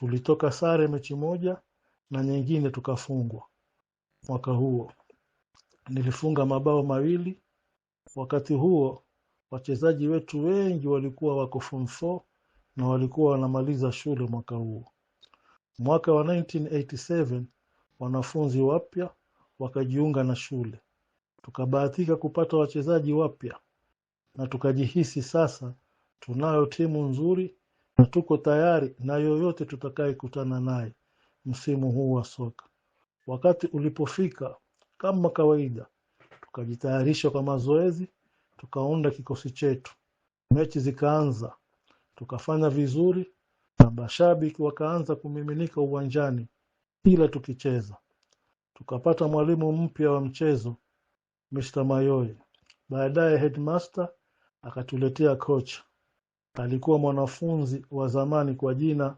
Tulitoka sare mechi moja na nyingine tukafungwa. Mwaka huo nilifunga mabao mawili. Wakati huo wachezaji wetu wengi walikuwa wako form 4 na walikuwa wanamaliza shule mwaka huo. Mwaka wa 1987 wanafunzi wapya wakajiunga na shule, tukabahatika kupata wachezaji wapya na tukajihisi sasa tunayo timu nzuri na tuko tayari na yoyote tutakayekutana naye msimu huu wa soka. Wakati ulipofika kama kawaida, tukajitayarisha kwa mazoezi, tukaunda kikosi chetu, mechi zikaanza, tukafanya vizuri na mashabiki wakaanza kumiminika uwanjani kila tukicheza. Tukapata mwalimu mpya wa mchezo Mr. Mayoye, baadaye headmaster akatuletea kocha Alikuwa mwanafunzi wa zamani kwa jina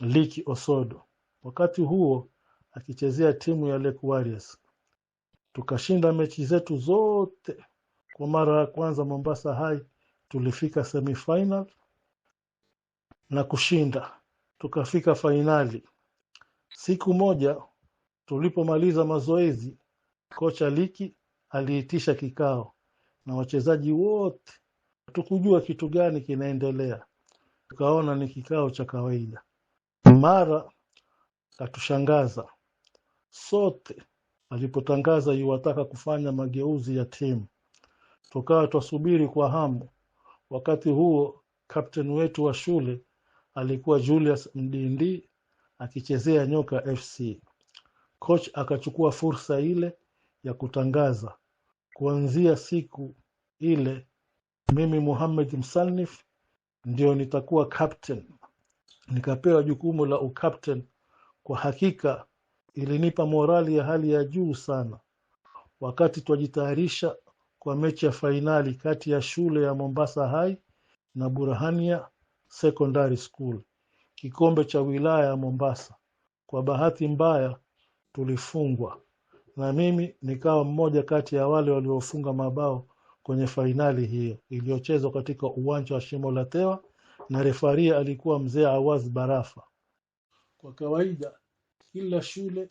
Liki Osodo wakati huo akichezea timu ya Lake Warriors. Tukashinda mechi zetu zote. Kwa mara ya kwanza Mombasa High tulifika semifinal na kushinda, tukafika fainali. Siku moja tulipomaliza mazoezi, kocha Liki aliitisha kikao na wachezaji wote tukujua kitu gani kinaendelea, tukaona ni kikao cha kawaida. Mara katushangaza sote alipotangaza yuwataka kufanya mageuzi ya timu, tukawa twasubiri kwa hamu. Wakati huo kapten wetu wa shule alikuwa Julius Mdindi akichezea Nyoka FC. Coach akachukua fursa ile ya kutangaza kuanzia siku ile mimi Muhammad Msalnif ndio nitakuwa captain. Nikapewa jukumu la ukapten. Kwa hakika ilinipa morali ya hali ya juu sana. Wakati twajitayarisha kwa mechi ya fainali kati ya shule ya Mombasa High na burhania Secondary School, kikombe cha wilaya ya Mombasa. Kwa bahati mbaya tulifungwa, na mimi nikawa mmoja kati ya wale waliofunga mabao kwenye fainali hiyo iliyochezwa katika uwanja wa Shimo la Tewa na refaria alikuwa mzee Awaz Barafa. Kwa kawaida kila shule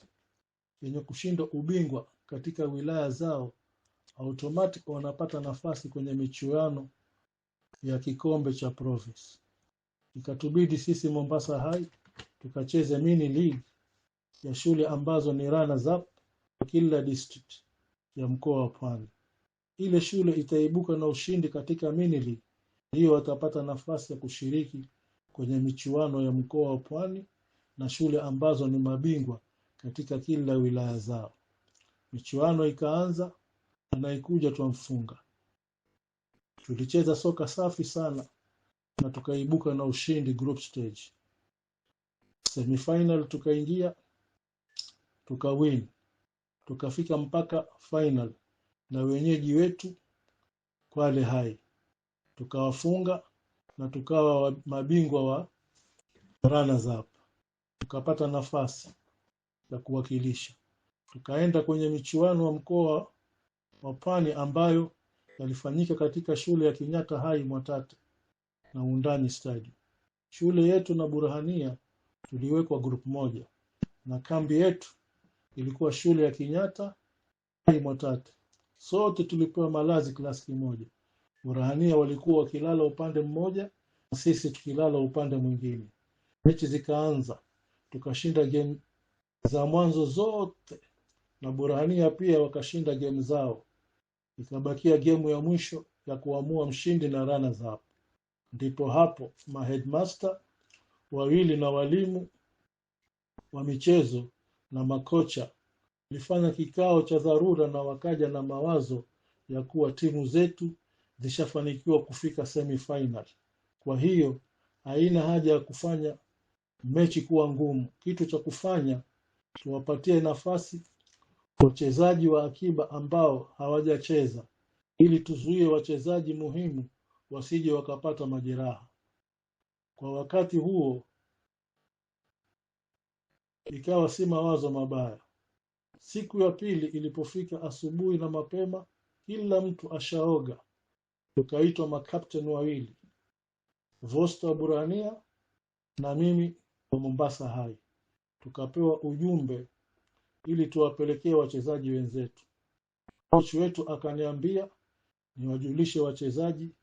yenye kushinda ubingwa katika wilaya zao automatic wanapata nafasi kwenye michuano ya kikombe cha province. Ikatubidi sisi Mombasa hai tukacheze mini league ya shule ambazo ni runners up kila district ya mkoa wa Pwani ile shule itaibuka na ushindi katika minili hiyo watapata nafasi ya kushiriki kwenye michuano ya mkoa wa Pwani na shule ambazo ni mabingwa katika kila wilaya zao. Michuano ikaanza, anaikuja twamfunga. Tulicheza soka safi sana na tukaibuka na ushindi group stage. Semifinal tukaingia, tukawin, tukafika mpaka final na wenyeji wetu Kwale Hai tukawafunga na tukawa mabingwa wa runners up tukapata nafasi ya kuwakilisha tukaenda kwenye michuano wa mkoa wa Pwani ambayo yalifanyika katika shule ya kinyatta Hai Mwatate na Undani stadi shule yetu na Burhania tuliwekwa group moja na kambi yetu ilikuwa shule ya kinyatta Hai Mwatate Sote tulipewa malazi klasi kimoja. Burahania walikuwa wakilala upande mmoja na sisi tukilala upande mwingine. Mechi zikaanza, tukashinda game za mwanzo zote, na Burahania pia wakashinda game zao. Ikabakia gemu ya mwisho ya kuamua mshindi na rana zao. Ndipo hapo maheadmaster wawili na walimu wa michezo na makocha Tulifanya kikao cha dharura na wakaja na mawazo ya kuwa timu zetu zishafanikiwa kufika semi final. Kwa hiyo haina haja ya kufanya mechi kuwa ngumu. Kitu cha kufanya tuwapatie nafasi wachezaji wa akiba ambao hawajacheza, ili tuzuie wachezaji muhimu wasije wakapata majeraha. Kwa wakati huo ikawa si mawazo mabaya. Siku ya pili ilipofika asubuhi na mapema, kila mtu ashaoga, tukaitwa makapteni wawili, Vosta Burania na mimi wa Mombasa Hai, tukapewa ujumbe ili tuwapelekee wachezaji wenzetu. Coach wetu akaniambia niwajulishe wachezaji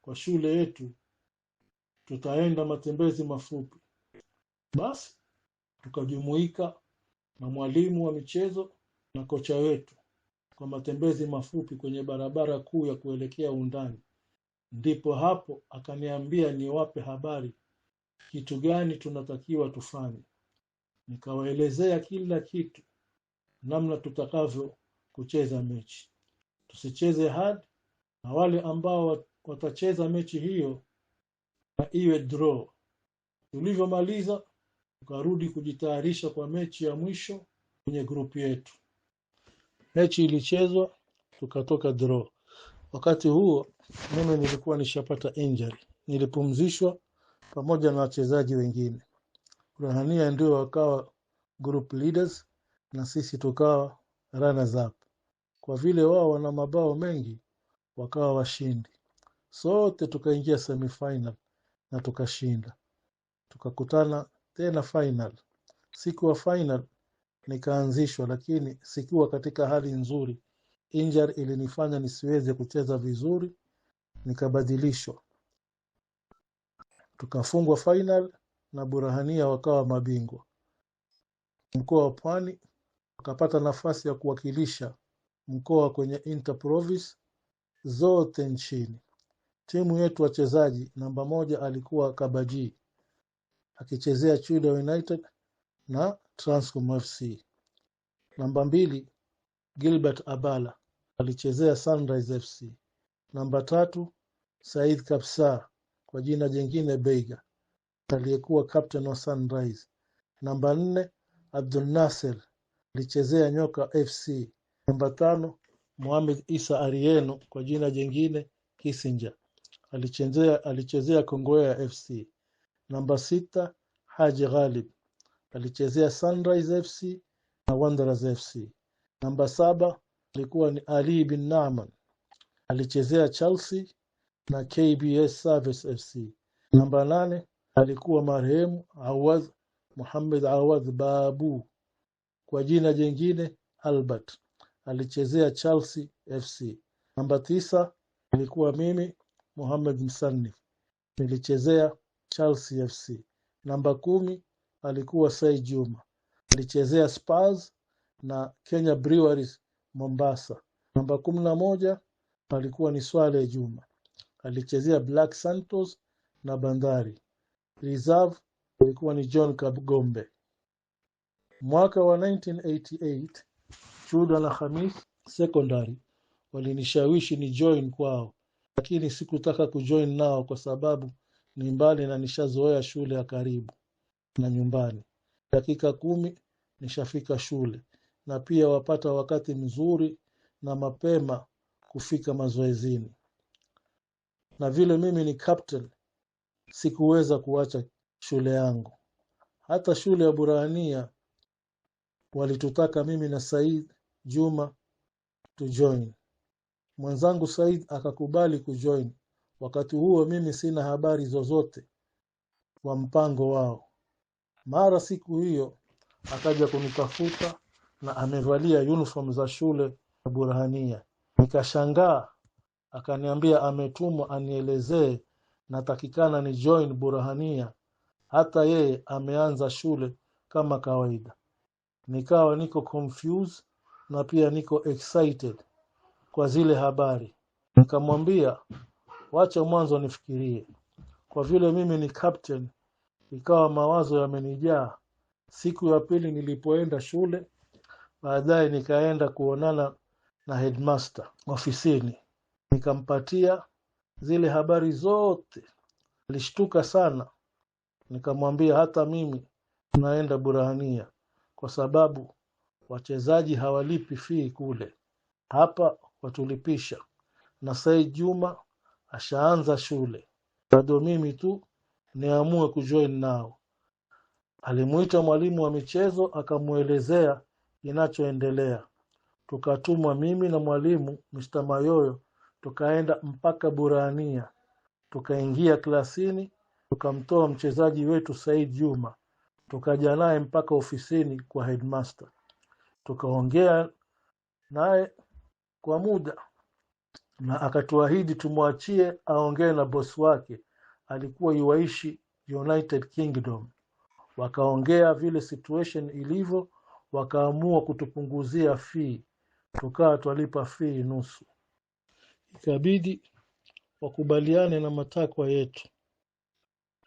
kwa shule yetu tutaenda matembezi mafupi. Basi tukajumuika na mwalimu wa michezo na kocha wetu kwa matembezi mafupi kwenye barabara kuu ya kuelekea undani. Ndipo hapo akaniambia niwape habari kitu gani tunatakiwa tufanye. Nikawaelezea kila kitu, namna tutakavyo kucheza mechi, tusicheze hadi na wale ambao watacheza mechi hiyo na iwe draw. Tulivyomaliza tukarudi kujitayarisha kwa mechi ya mwisho kwenye grupu yetu. Mechi ilichezwa tukatoka draw. Wakati huo mimi nilikuwa nishapata injury, nilipumzishwa pamoja na wachezaji wengine. rahania ndio wakawa group leaders na sisi tukawa runners up. Kwa vile wao wana mabao mengi, wakawa washindi. Sote tukaingia semifinal na tukashinda, tukakutana tena final. Siku wa final nikaanzishwa, lakini sikuwa katika hali nzuri. Injury ilinifanya nisiweze kucheza vizuri, nikabadilishwa, tukafungwa final na Burahania wakawa mabingwa. Mkoa wa Pwani wakapata nafasi ya kuwakilisha mkoa kwenye interprovince zote nchini. Timu yetu wachezaji namba moja alikuwa Kabaji akichezea Chuda United na Transcom FC. Namba mbili Gilbert Abala alichezea Sunrise FC. Namba tatu Said kapsa kwa jina jingine Beiga aliyekuwa captain wa Sunrise. Namba nne Abdul Nasser alichezea Nyoka FC. Namba tano Mohamed Isa Arieno kwa jina jingine kissinger alichezea alichezea Kongowea FC. Namba sita Haji Ghalib alichezea Sunrise FC na Wanderers FC. Namba saba alikuwa ni Ali bin Naaman alichezea Chelsea na KBS Service FC. Namba nane alikuwa marehemu Awad Muhammad Awad Babu, kwa jina jingine Albert, alichezea Chelsea FC. Namba tisa alikuwa mimi Muhammad Msanif nilichezea Chelsea FC. Namba kumi alikuwa Sai Juma, alichezea Spurs na Kenya Breweries Mombasa. Namba kumi na moja alikuwa ni Swale Juma, alichezea Black Santos na Bandari. Reserve alikuwa ni John Kabgombe. Mwaka wa 1988 Chuda na Khamis Secondary walinishawishi ni join kwao, lakini sikutaka kujoin nao kwa sababu ni mbali na nishazoea shule ya karibu na nyumbani, dakika kumi nishafika shule, na pia wapata wakati mzuri na mapema kufika mazoezini. Na vile mimi ni captain, sikuweza kuacha shule yangu. Hata shule ya Burahania walitutaka mimi na Said Juma tujoin, mwenzangu Said akakubali kujoin Wakati huo mimi sina habari zozote wa mpango wao. Mara siku hiyo akaja kunitafuta na amevalia uniform za shule ya Burhania. Nikashangaa, akaniambia ametumwa anielezee natakikana ni join Burhania, hata yeye ameanza shule kama kawaida. Nikawa niko confused na pia niko excited kwa zile habari. Nikamwambia wacha mwanzo nifikirie. Kwa vile mimi ni captain, ikawa mawazo yamenijaa. Siku ya pili nilipoenda shule, baadaye nikaenda kuonana na headmaster ofisini, nikampatia zile habari zote. Alishtuka sana, nikamwambia hata mimi naenda Burahania kwa sababu wachezaji hawalipi fii kule, hapa watulipisha. Na sai Juma ashaanza shule. Bado mimi tu niamue kujoin nao. alimuita mwalimu wa michezo akamwelezea kinachoendelea. Tukatumwa mimi na mwalimu Mr. Mayoyo, tukaenda mpaka Burania, tukaingia klasini, tukamtoa mchezaji wetu Said Juma, tukaja naye mpaka ofisini kwa headmaster, tukaongea naye kwa muda na akatuahidi tumwachie aongee na bosi wake alikuwa yuaishi United Kingdom. Wakaongea vile situation ilivyo, wakaamua kutupunguzia fee, tukawa twalipa fee nusu. Ikabidi wakubaliane na matakwa yetu.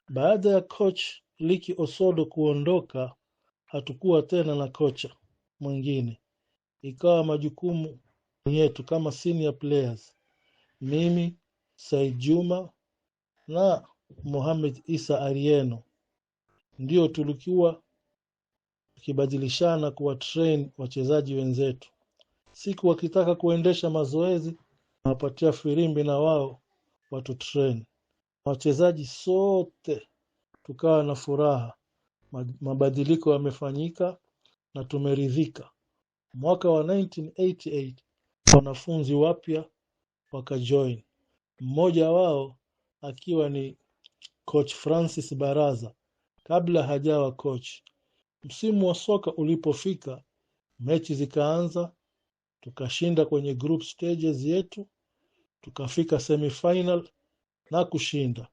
Baada ya coach Liki Osodo kuondoka, hatukuwa tena na kocha mwingine, ikawa majukumu yetu kama senior players mimi Said Juma na Mohamed Isa Arieno ndio tulikuwa tukibadilishana kuwa train wachezaji wenzetu, siku wakitaka kuendesha mazoezi nawapatia firimbi na wao watu train wachezaji, sote tukawa na furaha. Mabadiliko yamefanyika na tumeridhika. Mwaka wa 1988 wanafunzi wapya wakajoin, mmoja wao akiwa ni coach Francis Baraza kabla hajawa coach. Msimu wa soka ulipofika, mechi zikaanza, tukashinda kwenye group stages yetu, tukafika semifinal na kushinda,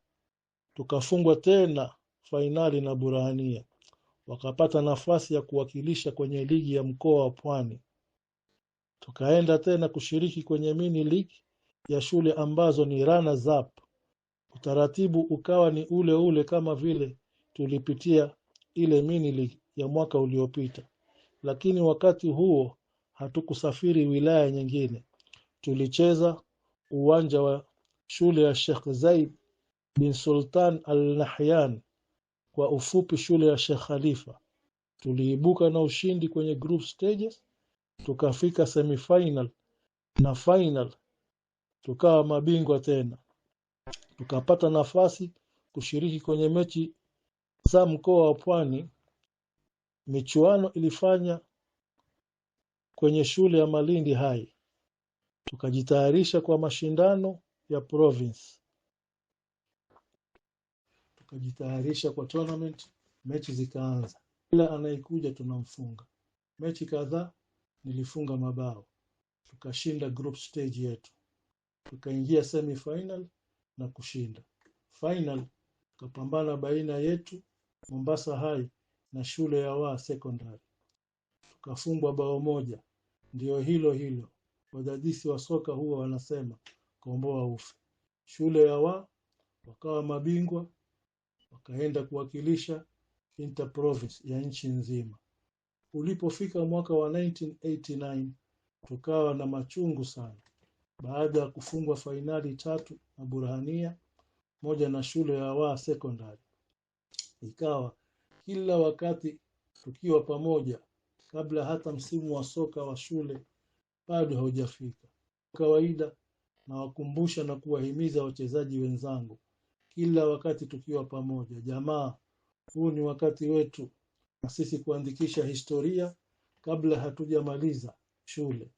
tukafungwa tena fainali na Burahania, wakapata nafasi ya kuwakilisha kwenye ligi ya mkoa wa Pwani. Tukaenda tena kushiriki kwenye mini league ya shule ambazo ni rana zap utaratibu ukawa ni ule ule kama vile tulipitia ile minili ya mwaka uliopita lakini wakati huo hatukusafiri wilaya nyingine tulicheza uwanja wa shule ya Sheikh Zaid bin Sultan Al Nahyan kwa ufupi shule ya Sheikh Khalifa tuliibuka na ushindi kwenye group stages tukafika semifinal na final tukawa mabingwa tena. Tukapata nafasi kushiriki kwenye mechi za mkoa wa Pwani. Michuano ilifanya kwenye shule ya Malindi hai tukajitayarisha kwa mashindano ya province, tukajitayarisha kwa tournament. Mechi zikaanza, kila anayekuja tunamfunga. Mechi kadhaa nilifunga mabao, tukashinda group stage yetu tukaingia semi final na kushinda final tukapambana baina yetu Mombasa High na shule ya wa secondary tukafungwa bao moja ndio hilo hilo wadadisi wa soka huwa wanasema komboa ufe shule ya wa wakawa mabingwa wakaenda kuwakilisha interprovince ya nchi nzima ulipofika mwaka wa 1989 tukawa na machungu sana baada ya kufungwa fainali tatu na Burhania moja na shule ya Waa Sekondari. Ikawa kila wakati tukiwa pamoja, kabla hata msimu wa soka wa shule bado haujafika. Kawaida nawakumbusha na kuwahimiza wachezaji wenzangu, kila wakati tukiwa pamoja, jamaa, huu ni wakati wetu na sisi kuandikisha historia kabla hatujamaliza shule,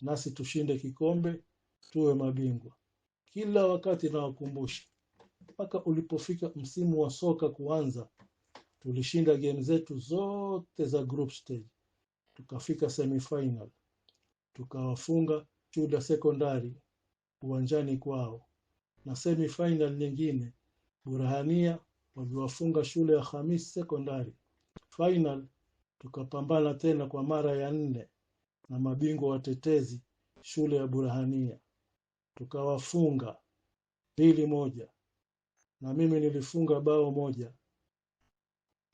nasi tushinde kikombe tuwe mabingwa kila wakati nawakumbusha mpaka ulipofika msimu wa soka kuanza tulishinda game zetu zote za group stage tukafika semifinal tukawafunga shule sekondari uwanjani kwao na semifinal nyingine burahania waliwafunga shule ya hamis sekondari final tukapambana tena kwa mara ya nne na mabingwa watetezi shule ya burahania tukawafunga mbili moja na mimi nilifunga bao moja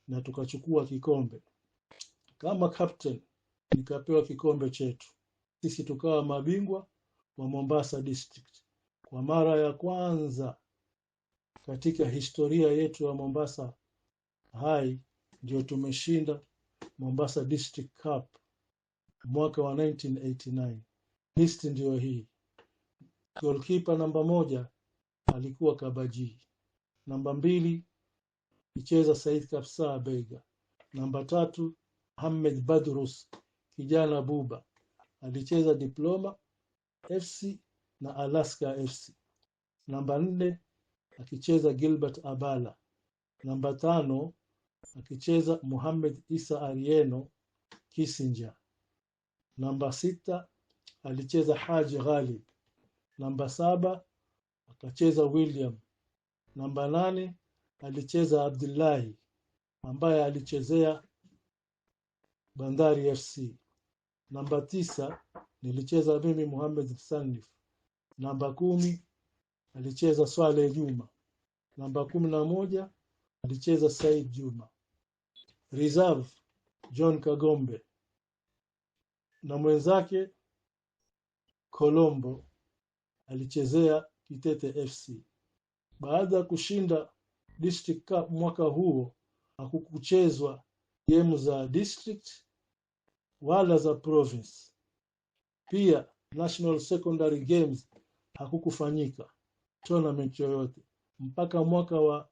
na tukachukua kikombe kama captain nikapewa kikombe chetu sisi tukawa mabingwa wa Mombasa district kwa mara ya kwanza katika historia yetu ya Mombasa hai ndio tumeshinda Mombasa District Cup mwaka wa 1989 list ndiyo hii Golkipa namba moja alikuwa Kabaji, namba mbili kicheza Said Kapsaa Bega, namba tatu Mohamed Badrus kijana Buba alicheza Diploma FC na Alaska FC, namba nne akicheza Gilbert Abala, namba tano akicheza muhammed Isa Arieno Kisinja, namba sita alicheza Haji Ghalib Namba saba akacheza William. Namba nane alicheza Abdullahi ambaye alichezea Bandari FC. Namba tisa nilicheza mimi Muhammad Sanif. Namba kumi alicheza Swale Juma. Namba kumi na moja alicheza Said Juma. Reserve John Kagombe na mwenzake Colombo alichezea Kitete fc Baada ya kushinda District Cup mwaka huo hakukuchezwa gemu za district wala za province. Pia National Secondary Games hakukufanyika tournament yoyote mpaka mwaka wa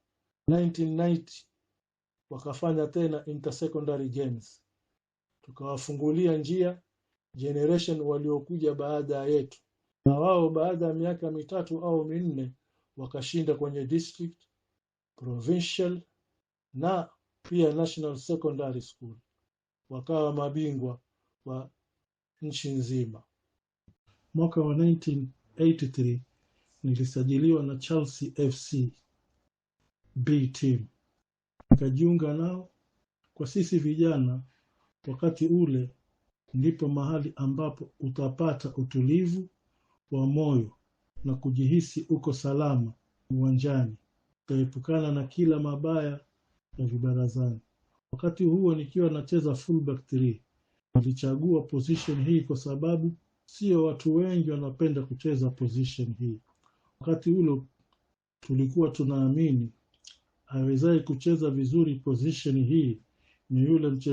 1990 wakafanya tena intersecondary games, tukawafungulia njia generation waliokuja baada yetu na wao baada ya miaka mitatu au minne wakashinda kwenye district provincial na pia national secondary school wakawa mabingwa wa nchi nzima. Mwaka wa 1983 nilisajiliwa na Chelsea FC B team, nikajiunga nao. Kwa sisi vijana wakati ule ndipo mahali ambapo utapata utulivu wa moyo na kujihisi uko salama uwanjani, utaepukana na kila mabaya ya vibarazani. Wakati huo nikiwa nacheza fullback 3 nilichagua position hii kwa sababu sio watu wengi wanapenda kucheza position hii. Wakati ule tulikuwa tunaamini awezaye kucheza vizuri position hii ni yule